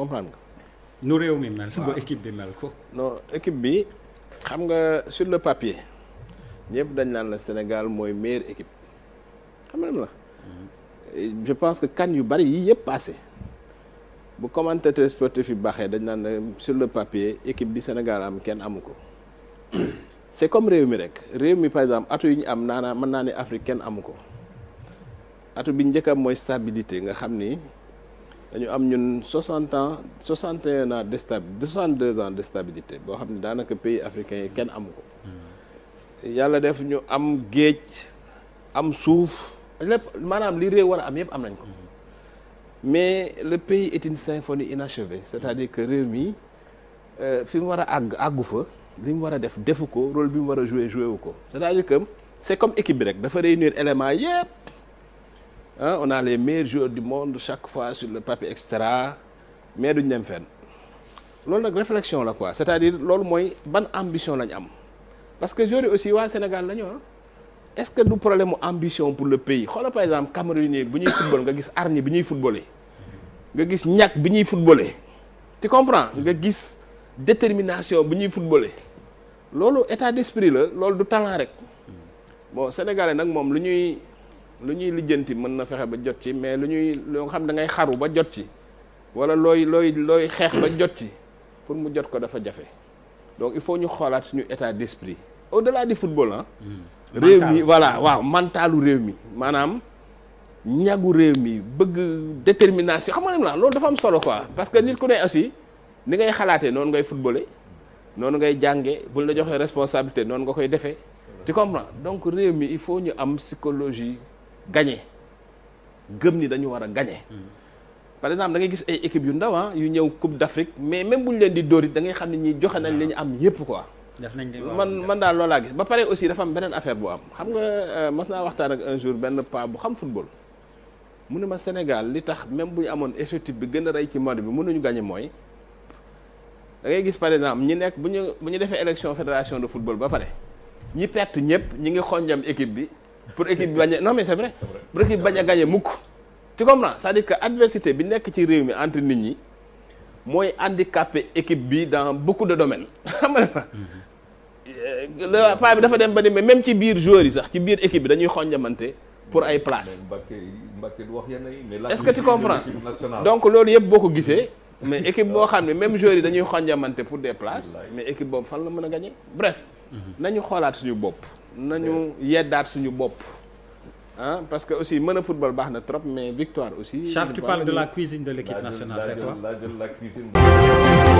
comprendre nga. nu réew mi mel. ba équipe bi mel ko. non équipe bi xam nga sur le papier ñëpp dañ naan la Sénégal mooy meilleure équipe xam nga la. Mm. je pense que kan yu bari yii yëpp passé bu commentateur sportif yi baaxee dañ naan sur le papier équipe bi Sénégal am kenn amu ko c'est comme réew mi rek réew mi par exemple atu yi ñu am naanaa mën naa ne Afrique kenn amu ko atu bi njëkk am mooy stabilité nga xam ni. dañu am ñun 60 ans 61 ans de stabilité 62 ans de stabilité boo xam ne daanaka pays africains yi kenn amu ko. Hmm. yàlla def ñu am géej am suuf lépp maanaam li réew war a am yëpp am nañ ko. Hmm. mais le pays est une symphonie inachevée c'est-à-dire que réew mi euh, fi mu war a àgg àggu fa li mu war a def defu ko role bi mu war a jouer jouer wu ko c'est-à-dire que c'est comme équipe bi rek dafa réunir éléments yëpp ah on a les meilleurs joueurs du monde chaque fois sur le papier extra mais duñ dem fen loolu nag réflexion la quoi c'est-à-dire loolu mooy ban ambition lañ am parce que joueurs aussi waa Sénégal lañu ah est-ce que du problème mu ambition pour le pays xoolal par exemple Camerounais bu ñuy football nga gis Arni bi ñuy footballé nga gis ñàkk bi ñuy footballé tu comprends nga gis détermination bi ñuy footballé loolu état d'esprit la loolu du talent rek bon sénégalais nag lu ñuy lijjanti mën na fexe ba jot ci mais lu ñuy loo xam da ngay xaru ba jot ci wala looy looy looy xeex ba jot ci pour mu jot ko dafa jafe donc il faut ñu xoolaat suñu état d'esprit au-delà du football ah. réew mi voilà waaw mentalu réew mi maanaam ñagu réew mi bëgg détermination xam nga ne la loolu dafa am solo quoi parce que nit ku ne aussi ni ngay xalaate noonu ngay footballé noonu ngay jànge buñ la joxee responsabilité noonu nga koy defee. tu comprends donc réew mi il faut ñu am psychologie. gagné gëm ni dañu war a gagné. par exemple da gis ay équipe yu ndaw ah, yu ñëw Coupe d'Afrique mais même bu ñu leen di dóor it xam ne ñi joxe nañ li ñu am yépp quoi. def nañ man man daal loolaa gis ba pare aussi dafa am beneen affaire bu am xam nga euh, mas naa waxtaan ak un benn paa bu xam football. mu ne ma Sénégal li tax même bu ñu amoon effectif bi gën a rey ci monde bi mënuñu gañe mooy da gis par exemple ñi nekk bu ñu bu ñu defee élection fédération de football ba pare ñi perte ñëpp ñi ngi xonjam équipe bi. pour équipe bi bañ a non mais c'est vrai pour équipe bi a gagné mukk tu comprends cest à adversité bi nekk ci réew mi entre nit ñi mooy àndi handicapé équipe bi dans beaucoup de domaines xam nga la euh, paa bi dafa dem ba ni mais ci biir joueurs yi sax ci biir équipe bi dañuy xonjamante pour ay place est-ce que tu comprends donc loolu yëpp boo ko gisee mais équipe boo xam ne même joueurs yi dañuy xonjamante pour des places mais équipe boobu fan la mën a gagné bref mhm. nañu xoolaat suñu bopp nañu yeddaat suñu bopp ah parce que aussi mën a football baax na trop mais victoire aussi Charles tu parles de la cuisine de l'équipe nationale c'est quoi